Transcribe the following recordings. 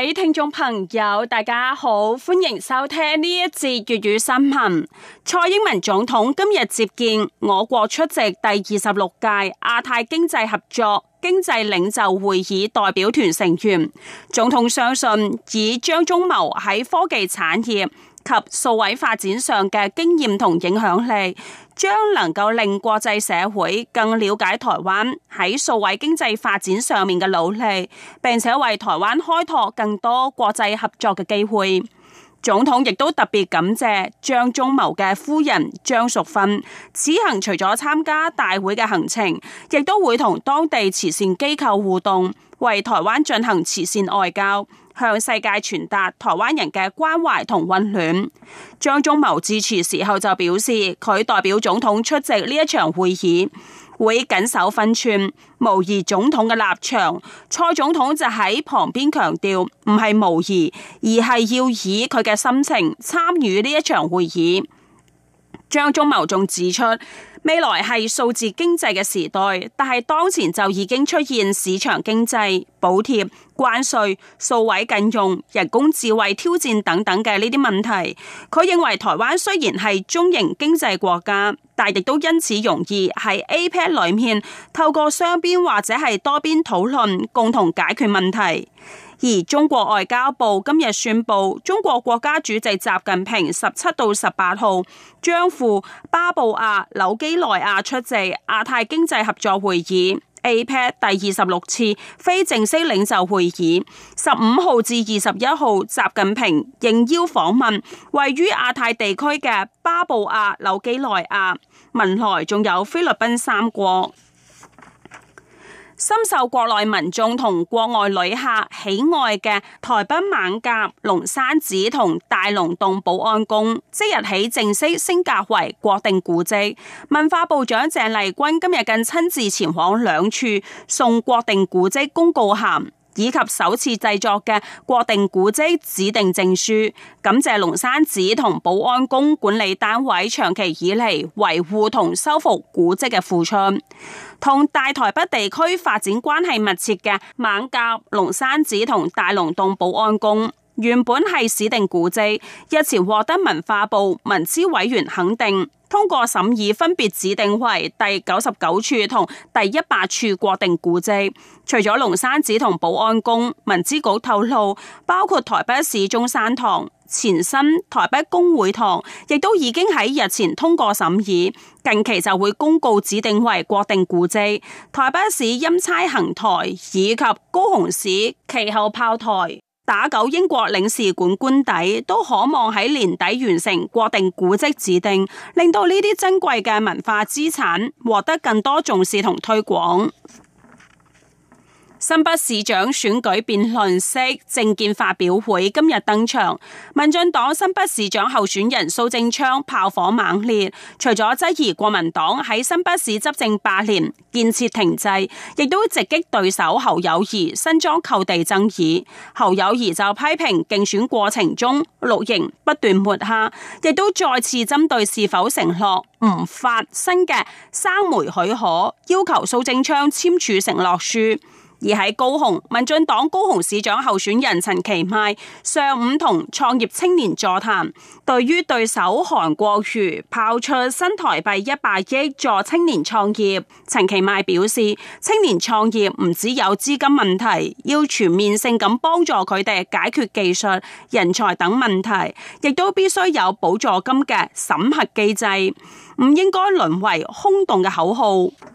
位聽眾朋友，大家好，歡迎收聽呢一節粵語新聞。蔡英文總統今日接見我國出席第二十六屆亞太經濟合作經濟領袖會議代表團成員。總統相信，以張忠謀喺科技產業。及數位發展上嘅經驗同影響力，將能夠令國際社會更了解台灣喺數位經濟發展上面嘅努力，並且為台灣開拓更多國際合作嘅機會。總統亦都特別感謝張忠謀嘅夫人張淑芬，此行除咗參加大會嘅行程，亦都會同當地慈善機構互動。為台灣進行慈善外交，向世界傳達台灣人嘅關懷同溫暖。張忠謀致辭時候就表示，佢代表總統出席呢一場會議，會謹守分寸，模擬總統嘅立場。蔡總統就喺旁邊強調，唔係模擬，而係要以佢嘅心情參與呢一場會議。張忠謀仲指出，未來係數字經濟嘅時代，但係當前就已經出現市場經濟、補貼、關稅、數位近用、人工智慧挑戰等等嘅呢啲問題。佢認為台灣雖然係中型經濟國家，但亦都因此容易喺 APEC 裏面透過雙邊或者係多邊討論，共同解決問題。而中國外交部今日宣佈，中國國家主席習近平十七到十八號將赴巴布亞紐幾內亞出席亞太經濟合作會議 APEC 第二十六次非正式領袖會議。十五號至二十一號，習近平應邀訪問位於亞太地區嘅巴布亞紐幾內亞、文萊，仲有菲律賓三國。深受國內民眾同國外旅客喜愛嘅台北艋舺、龍山寺同大龍峒保安宮，即日起正式升格為國定古蹟。文化部長鄭麗君今日更親自前往兩處送國定古蹟公告函。以及首次製作嘅國定古蹟指定證書，感謝龍山寺同保安宮管理單位長期以嚟維護同修復古蹟嘅付出，同大台北地區發展關係密切嘅艋舺龍山寺同大龍峒保安宮。原本係市定古蹟，日前獲得文化部文資委員肯定通過審議，分別指定為第九十九處同第一百處國定古蹟。除咗龍山寺同保安宮，文資局透露，包括台北市中山堂前身台北公會堂，亦都已經喺日前通過審議，近期就會公告指定為國定古蹟。台北市欽差行台以及高雄市旗后炮台，打狗英國領事館官邸都可望喺年底完成國定古蹟指定，令到呢啲珍貴嘅文化資產獲得更多重視同推廣。新北市長選舉辯論式政見發表會今日登場，民進黨新北市長候選人蘇貞昌炮火猛烈，除咗質疑國民黨喺新北市執政八年建設停滯，亦都直擊對手侯友宜新莊購地爭議。侯友宜就批評競選過程中綠營不斷抹黑，亦都再次針對是否承諾唔發新嘅生煤許可，要求蘇貞昌簽署承諾書。而喺高雄，民進黨高雄市長候選人陳其邁上午同創業青年座談，對於對手韓國瑜拋出新台幣一百億助青年創業，陳其邁表示，青年創業唔只有資金問題，要全面性咁幫助佢哋解決技術、人才等問題，亦都必須有補助金嘅審核機制，唔應該淪為空洞嘅口號。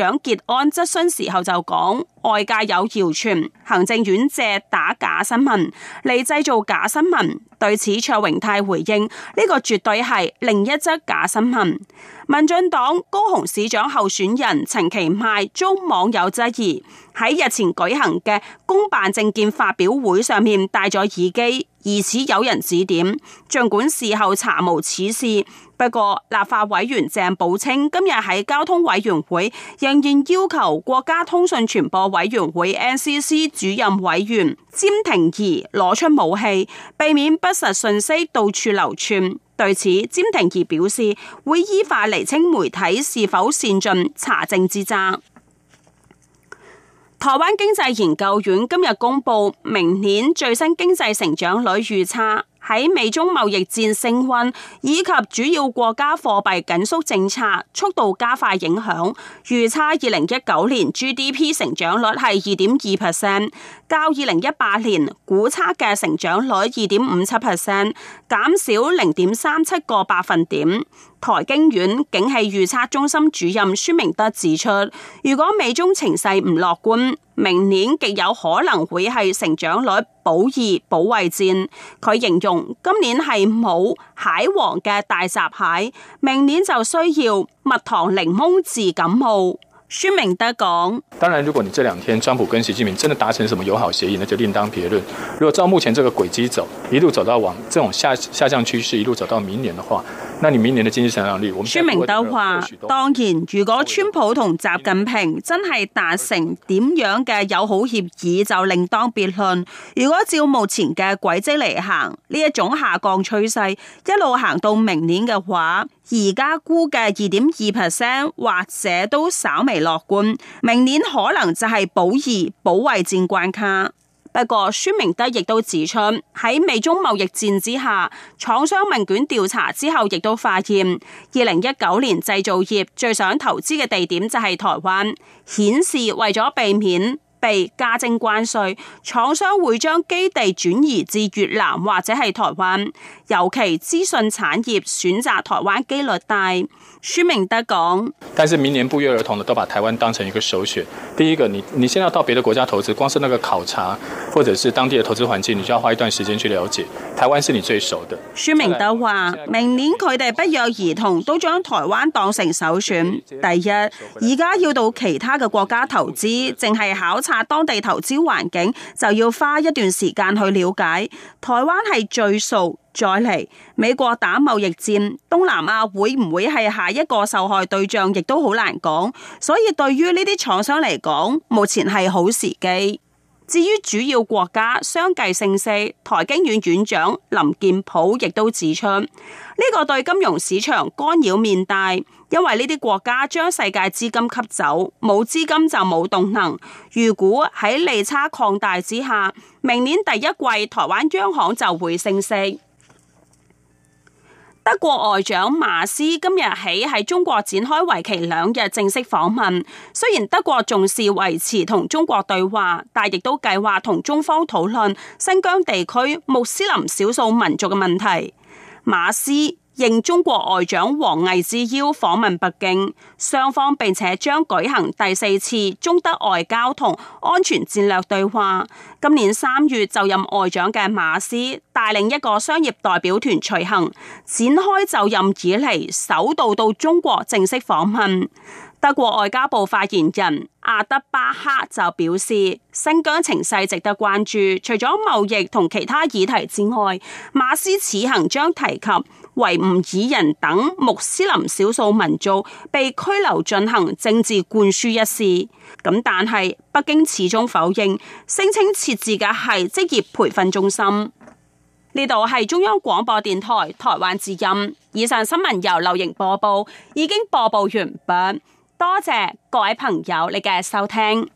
蔣潔安質詢時候就講，外界有謠傳，行政院借打假新聞嚟製造假新聞。對此卓榮泰回應：呢、這個絕對係另一則假新聞。民進黨高雄市長候選人陳其邁遭網友質疑，喺日前舉行嘅公辦政見發表會上面戴咗耳機，疑似有人指點。儘管事後查無此事。不過，立法委員鄭寶清今日喺交通委員會，仍然要求國家通訊傳播委員會 NCC 主任委員詹婷怡攞出武器，避免不實信息到處流竄。對此，詹婷怡表示會依法釐清媒體是否善盡查證之責。台灣經濟研究院今日公布明年最新經濟成長率預測。喺美中貿易戰升溫以及主要國家貨幣緊縮政策速度加快影響，預測二零一九年 GDP 成長率係二點二 percent。較二零一八年估差嘅成長率二點五七 %，percent，減少零點三七個百分點。台經院景氣預測中心主任孫明德指出，如果美中情勢唔樂觀，明年極有可能會係成長率保二保衛戰。佢形容今年係冇蟹黃嘅大閘蟹，明年就需要蜜糖檸檬治感冒。說明得講，當然如果你這兩天，川普跟習近平真的達成什麼友好協議，那就另當別論。如果照目前這個軌跡走，一路走到往這種下下降趨勢，一路走到明年的話。那你明年嘅經濟想象力，孫明德話，當然，如果川普同習近平真係達成點樣嘅友好協議，就另當別論。如果照目前嘅軌跡嚟行，呢一種下降趨勢一路行到明年嘅話，而家估計二點二 percent，或者都稍微樂觀，明年可能就係保二保衛戰關卡。不過，孫明德亦都指出，喺美中貿易戰之下，廠商問卷調查之後，亦都發現，二零一九年製造業最想投資嘅地點就係台灣，顯示為咗避免。被加徵關稅，廠商會將基地轉移至越南或者係台灣，尤其資訊產業選擇台灣幾率大。孫明德講：，但是明年不約而同的都把台灣當成一個首選。第一個，你你現在到別的國家投資，光是那個考察，或者是當地的投資環境，你就要花一段時間去了解。台灣是你最熟的。孫明德話：，明年佢哋不約而同都將台灣當成首選。第一，而家要到其他嘅國家投資，淨係考察。當地投資環境就要花一段時間去了解。台灣係最熟，再嚟美國打貿易戰，東南亞會唔會係下一個受害對象，亦都好難講。所以對於呢啲廠商嚟講，目前係好時機。至於主要國家相繼升息，台經院院長林建甫亦都指出，呢、這個對金融市場干擾面大，因為呢啲國家將世界資金吸走，冇資金就冇動能。如果喺利差擴大之下，明年第一季台灣央行就會升息。德國外長馬斯今日起喺中國展開為期兩日正式訪問。雖然德國重視維持同中國對話，但亦都計劃同中方討論新疆地區穆斯林少數民族嘅問題。馬斯。應中國外長王毅之邀訪問北京，雙方並且將舉行第四次中德外交同安全戰略對話。今年三月就任外長嘅馬斯帶領一個商業代表團隨行，展開就任以來首度到中國正式訪問。德國外交部發言人阿德巴赫就表示，新疆情勢值得關注。除咗貿易同其他議題之外，馬斯此行將提及。維吾爾人等穆斯林少數民族被拘留進行政治灌輸一事，咁但係北京始終否認，聲稱設置嘅係職業培訓中心。呢度係中央廣播電台台灣之音。以上新聞由流瑩播報，已經播報完畢，多謝各位朋友你嘅收聽。